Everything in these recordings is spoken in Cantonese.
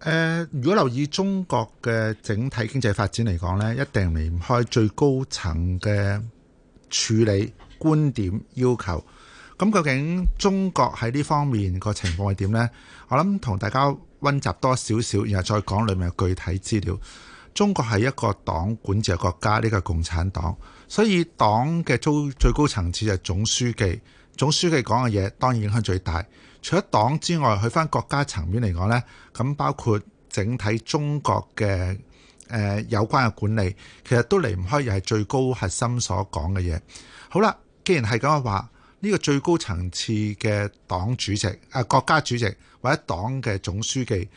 誒、呃，如果留意中國嘅整體經濟發展嚟講呢，一定離唔開最高層嘅處理觀點要求。咁究竟中國喺呢方面個情況係點呢？我諗同大家溫習多少少，然後再講裏面嘅具體資料。中國係一個黨管治的國家，呢、呢個共產黨，所以黨嘅高最高層次就係總書記。總書記講嘅嘢當然影響最大。除咗黨之外，去翻國家層面嚟講呢，咁包括整體中國嘅誒、呃、有關嘅管理，其實都離唔開，又係最高核心所講嘅嘢。好啦，既然係咁嘅話，呢、呢個最高層次嘅黨主席啊、呃，國家主席或者黨嘅總書記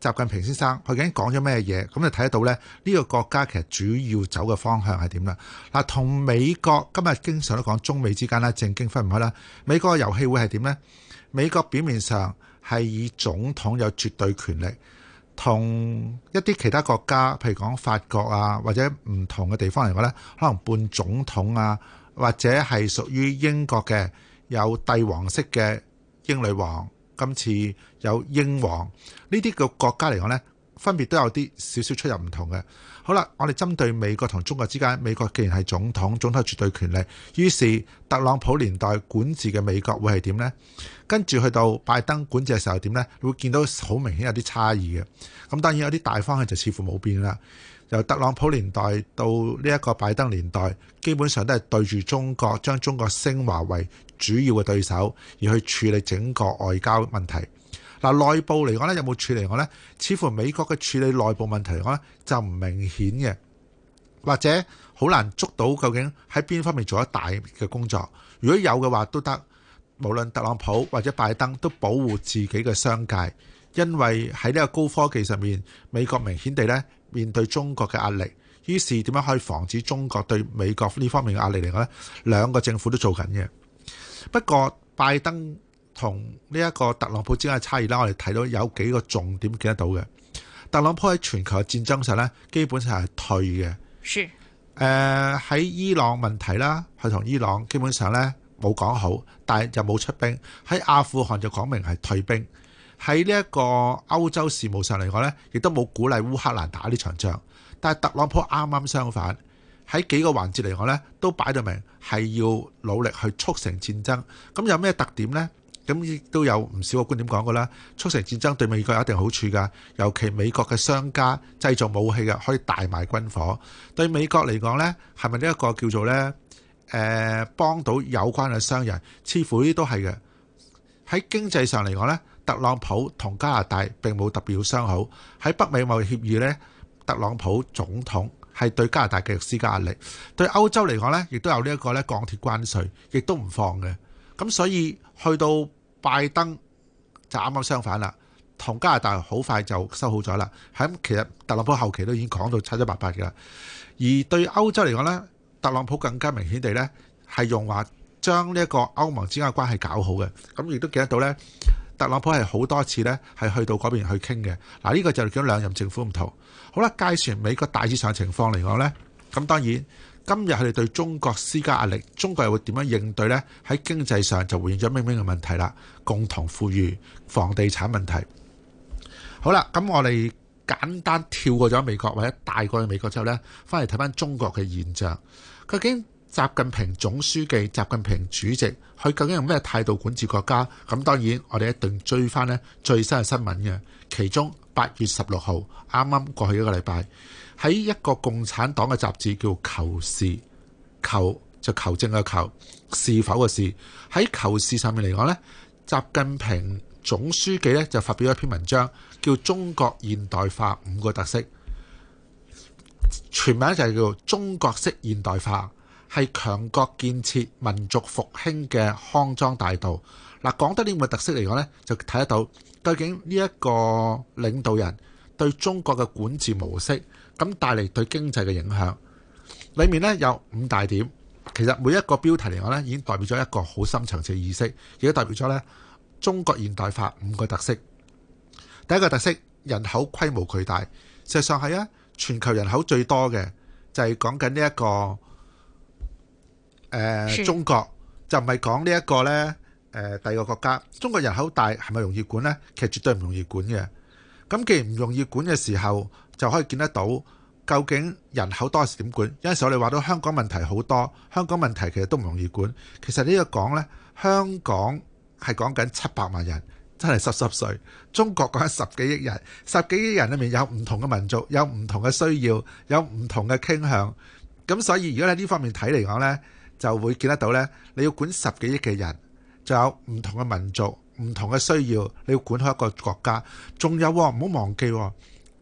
習近平先生，佢究竟講咗咩嘢？咁就睇得到呢呢、呢個國家其實主要走嘅方向係點啦。嗱，同美國今日經常都講中美之間咧正經分唔開啦，美國嘅遊戲會係點呢？美國表面上係以總統有絕對權力，同一啲其他國家，譬如講法國啊，或者唔同嘅地方嚟講呢，可能半總統啊，或者係屬於英國嘅有帝王式嘅英女王，今次有英王，呢啲個國家嚟講呢，分別都有啲少少出入唔同嘅。好啦，我哋針對美國同中國之間，美國既然係總統，總統絕對權力，於是特朗普年代管治嘅美國會係點呢？跟住去到拜登管治嘅時候點呢？你會見到好明顯有啲差異嘅。咁當然有啲大方向就似乎冇變啦。由特朗普年代到呢一個拜登年代，基本上都係對住中國，將中國升華為主要嘅對手，而去處理整個外交問題。嗱，內部嚟講咧，有冇處理我呢，似乎美國嘅處理內部問題嚟講咧，就唔明顯嘅，或者好難捉到究竟喺邊方面做咗大嘅工作。如果有嘅話，都得。無論特朗普或者拜登都保護自己嘅商界，因為喺呢個高科技上面，美國明顯地咧面對中國嘅壓力。於是點樣可以防止中國對美國呢方面嘅壓力嚟講咧？兩個政府都做緊嘅。不過拜登同呢一個特朗普之間嘅差異啦，我哋睇到有幾個重點見得到嘅。特朗普喺全球嘅戰爭上咧，基本上係退嘅。是喺、呃、伊朗問題啦，佢同伊朗基本上咧冇講好，但係就冇出兵。喺阿富汗就講明係退兵。喺呢一個歐洲事務上嚟講咧，亦都冇鼓勵烏克蘭打呢場仗。但係特朗普啱啱相反，喺幾個環節嚟講咧，都擺到明係要努力去促成戰爭。咁有咩特點呢？咁亦都有唔少嘅觀點講過啦，促成戰爭對美國有一定好處㗎，尤其美國嘅商家製造武器嘅可以大賣軍火，對美國嚟講呢，係咪呢一個叫做呢？誒、呃，幫到有關嘅商人，似乎呢都係嘅。喺經濟上嚟講呢，特朗普同加拿大並冇特別要相好。喺北美貿易協議呢，特朗普總統係對加拿大繼續施加壓力。對歐洲嚟講呢，亦都有呢一個呢鋼鐵關稅，亦都唔放嘅。咁所以去到拜登就啱啱相反啦，同加拿大好快就收好咗啦。咁其實特朗普後期都已經講到七七八八嘅啦。而對歐洲嚟講呢，特朗普更加明顯地呢，係用話將呢一個歐盟之間嘅關係搞好嘅。咁亦都記得到呢，特朗普係好多次呢，係去到嗰邊去傾嘅。嗱，呢個就係兩任政府唔同。好啦，介紹美國大致上情況嚟講呢，咁當然。今日佢哋對中國施加壓力，中國又會點樣應對呢？喺經濟上就回應咗明明嘅問題啦，共同富裕、房地產問題。好啦，咁我哋簡單跳過咗美國或者大過去美國之後呢，翻嚟睇翻中國嘅現象。究竟習近平總書記、習近平主席，佢究竟用咩態度管治國家？咁當然我哋一定追翻呢最新嘅新聞嘅。其中八月十六號啱啱過去一個禮拜。喺一個共產黨嘅雜誌叫《求是》求，求就求正嘅求，是否嘅是喺《在求是》上面嚟講呢，習近平總書記呢就發表咗一篇文章，叫《中國現代化五個特色》，全名就係叫《中國式現代化》，係強國建設民族復興嘅康莊大道嗱。講得呢五個特色嚟講呢，就睇得到究竟呢一個領導人對中國嘅管治模式。咁帶嚟對經濟嘅影響，裏面咧有五大點，其實每一個標題嚟講咧，已經代表咗一個好深層次嘅意識，亦都代表咗咧中國現代化五個特色。第一個特色，人口規模巨大，事實上係啊，全球人口最多嘅就係講緊呢一個誒中國，就唔係講呢一個咧誒第二個國家。中國人口大係咪容易管咧？其實絕對唔容易管嘅。咁既然唔容易管嘅時候，就可以見得到究竟人口多時點管？有陣時我哋話到香港問題好多，香港問題其實都唔容易管。其實呢個講呢，香港係講緊七百萬人，真係濕濕碎。中國講緊十幾億人，十幾億人裏面有唔同嘅民族，有唔同嘅需要，有唔同嘅傾向。咁所以如果喺呢方面睇嚟講呢，就會見得到呢，你要管十幾億嘅人，就有唔同嘅民族。唔同嘅需要，你要管好一個國家。仲有喎，唔好忘記喎，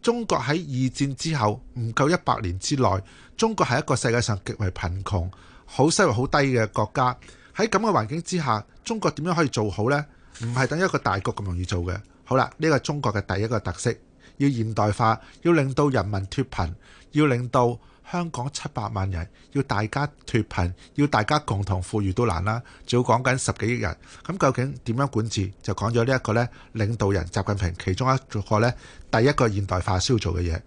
中國喺二戰之後唔夠一百年之內，中國係一個世界上極為貧窮、好收入好低嘅國家。喺咁嘅環境之下，中國點樣可以做好咧？唔係等一個大國咁容易做嘅。好啦，呢個中國嘅第一個特色，要現代化，要令到人民脫貧，要令到。香港七百萬人要大家脫貧，要大家共同富裕都難啦。仲要講緊十幾億人，咁究竟點樣管治？就講咗呢一個咧，領導人習近平其中一個咧，第一個現代化需要做嘅嘢。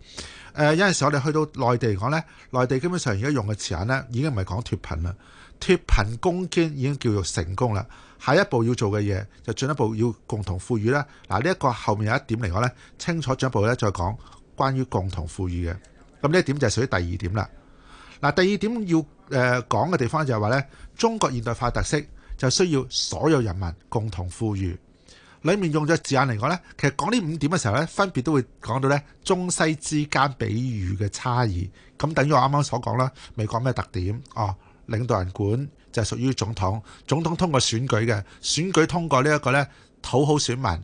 誒，有陣時我哋去到內地嚟講咧，內地基本上而家用嘅詞眼咧，已經唔係講脫貧啦，脫貧攻堅已經叫做成功啦。下一步要做嘅嘢就進一步要共同富裕啦。嗱，呢一個後面有一點嚟講咧，清楚進一步咧再講關於共同富裕嘅。咁呢一點就屬於第二點啦。嗱，第二點要誒講嘅地方就係話呢，中國現代化特色就需要所有人民共同富裕，裏面用咗字眼嚟講呢，其實講呢五點嘅時候呢，分別都會講到呢中西之間比喻嘅差異。咁等於我啱啱所講啦，美國咩特點？哦，領導人管就係屬於總統，總統通過選舉嘅，選舉通過呢一個呢討好選民。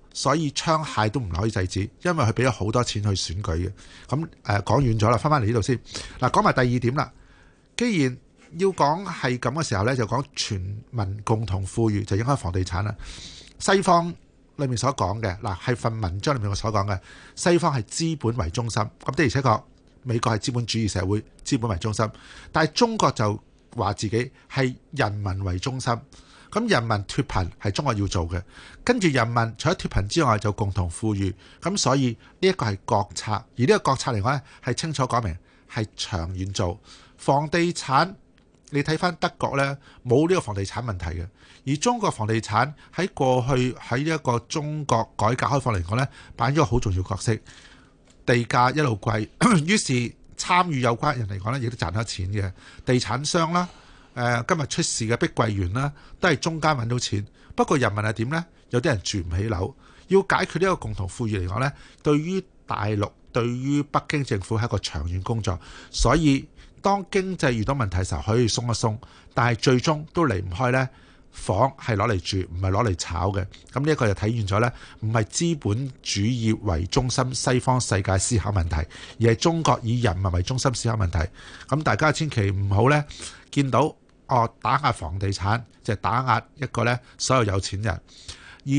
所以槍械都唔可以制止，因為佢俾咗好多錢去選舉嘅。咁誒講遠咗啦，翻翻嚟呢度先。嗱，講埋第二點啦。既然要講係咁嘅時候呢，就講全民共同富裕就應該房地產啦。西方裡面所講嘅嗱，喺份文章裡面我所講嘅，西方係資本為中心。咁的而且確美國係資本主義社會，資本為中心。但係中國就話自己係人民為中心。咁人民脫貧係中國要做嘅，跟住人民除咗脫貧之外就共同富裕，咁所以呢一個係國策，而呢個國策嚟講呢係清楚講明係長遠做。房地產你睇返德國呢，冇呢個房地產問題嘅，而中國房地產喺過去喺一個中國改革開放嚟講呢，扮演咗個好重要的角色。地價一路貴，於是參與有關人嚟講呢，亦都賺到錢嘅地產商啦。誒今日出事嘅碧桂園啦，都係中間揾到錢。不過人民係點呢？有啲人住唔起樓，要解決呢個共同富裕嚟講呢，對於大陸、對於北京政府係一個長遠工作。所以當經濟遇到問題嘅時候，可以鬆一鬆，但係最終都離唔開呢房係攞嚟住，唔係攞嚟炒嘅。咁呢一個就體現咗呢，唔係資本主義為中心西方世界思考問題，而係中國以人民為中心思考問題。咁大家千祈唔好呢見到。哦，打壓房地產就係打壓一個呢所有有錢人，而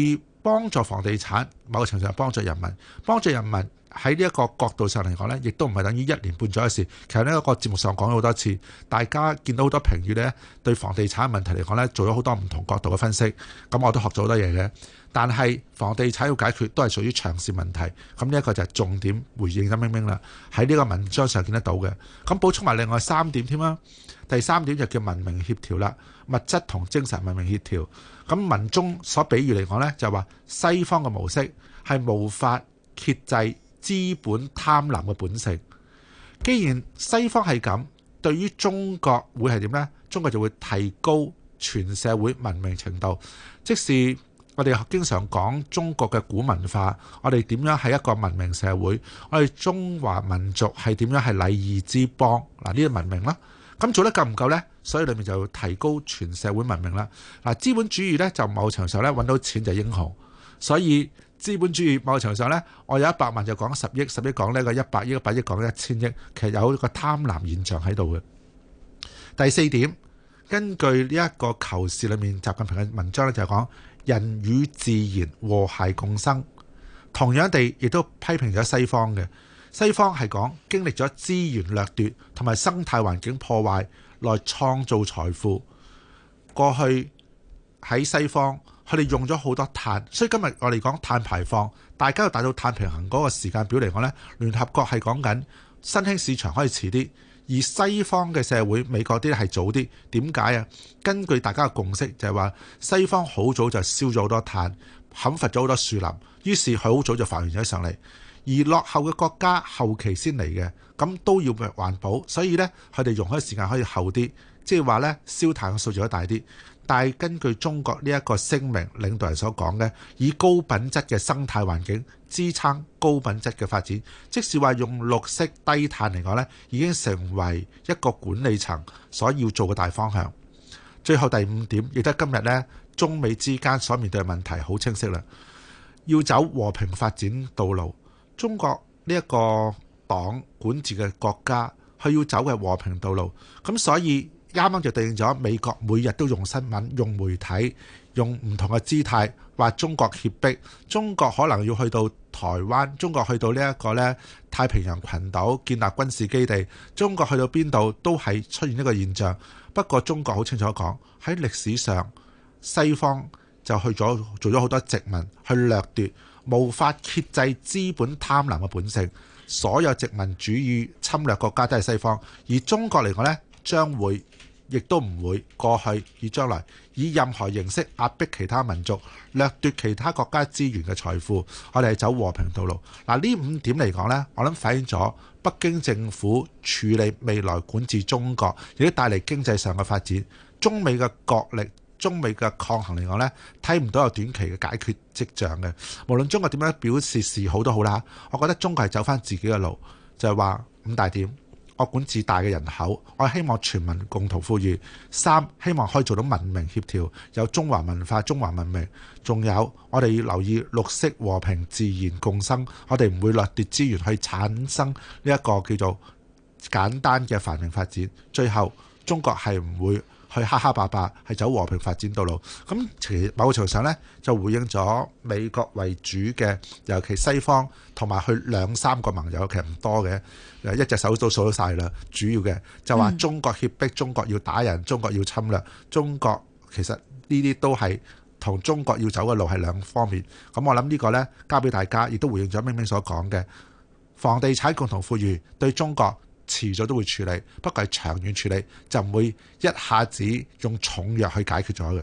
幫助房地產某個程度上幫助人民，幫助人民喺呢一個角度上嚟講呢，亦都唔係等於一年半載嘅事。其實呢一個節目上講咗好多次，大家見到好多評語呢，對房地產問題嚟講呢，做咗好多唔同角度嘅分析。咁我都學咗好多嘢嘅，但係房地產要解決都係屬於長線問題。咁呢一個就係重點回應得明明啦，喺呢個文章上見得到嘅。咁補充埋另外三點添啦。第三點就叫文明協調啦，物質同精神文明協調。咁文中所比喻嚟講呢，就話西方嘅模式係無法遏制資本貪婪嘅本性。既然西方係咁，對於中國會係點呢？中國就會提高全社會文明程度。即使我哋經常講中國嘅古文化，我哋點樣係一個文明社會？我哋中華民族係點樣係禮儀之邦？嗱，呢個文明啦。咁做得夠唔夠呢？所以裏面就提高全社會文明啦。嗱，資本主義呢，就某程度上揾到錢就英雄，所以資本主義某程度上呢，我有一百萬就講十億，十億講呢個一百億，百億講一千億，其實有個貪婪現象喺度嘅。第四點，根據呢一個求是》裏面習近平嘅文章咧，就係講人與自然和諧共生，同樣地亦都批評咗西方嘅。西方係講經歷咗資源掠奪同埋生態環境破壞來創造財富。過去喺西方，佢哋用咗好多碳，所以今日我哋講碳排放，大家又達到碳平衡嗰個時間表嚟講呢，聯合國係講緊新興市場可以遲啲，而西方嘅社會，美國啲係早啲。點解啊？根據大家嘅共識，就係話西方好早就係燒咗好多碳，砍伐咗好多樹林，於是佢好早就繁榮咗上嚟。而落後嘅國家後期先嚟嘅，咁都要環保，所以呢，佢哋容許時間可以後啲，即係話呢，燒炭嘅數字可以大啲。但係根據中國呢一個聲明，領導人所講呢，以高品質嘅生態環境支撐高品質嘅發展，即使話用綠色低碳嚟講呢，已經成為一個管理層所要做嘅大方向。最後第五點亦都係今日呢，中美之間所面對嘅問題好清晰啦，要走和平發展道路。中國呢一個黨管治嘅國家，佢要走嘅和平道路，咁所以啱啱就對應咗美國每日都用新聞、用媒體、用唔同嘅姿態，話中國脅迫，中國可能要去到台灣，中國去到呢一個呢太平洋群島建立軍事基地，中國去到邊度都係出現一個現象。不過中國好清楚講喺歷史上，西方就去咗做咗好多殖民，去掠奪。無法遏制資本貪婪嘅本性，所有殖民主義侵略國家都係西方，而中國嚟講呢，將會亦都唔會過去與將來以任何形式壓迫其他民族、掠奪其他國家資源嘅財富，我哋係走和平道路。嗱，呢五點嚟講呢，我諗反映咗北京政府處理未來管治中國，亦都帶嚟經濟上嘅發展，中美嘅角力。中美嘅抗衡嚟講咧，睇唔到有短期嘅解決跡象嘅。無論中國點樣表示示好都好啦，我覺得中國係走翻自己嘅路，就係話五大點，我管自大嘅人口，我希望全民共同富裕；三希望可以做到文明協調，有中華文化、中華文明；仲有我哋要留意綠色和平、自然共生，我哋唔會掠奪資源去產生呢一個叫做簡單嘅繁榮發展。最後，中國係唔會。去黑黑白白，係走和平發展道路。咁其實某個場上呢，就回應咗美國為主嘅，尤其西方同埋去兩三個盟友，其實唔多嘅。誒，一隻手都數到晒啦。主要嘅就話中國脅迫中國要打人，中國要侵略，中國其實呢啲都係同中國要走嘅路係兩方面。咁我諗呢個呢，交俾大家，亦都回應咗明明所講嘅房地產共同富裕對中國。遲早都會處理，不過係長遠處理，就唔會一下子用重藥去解決咗嘅。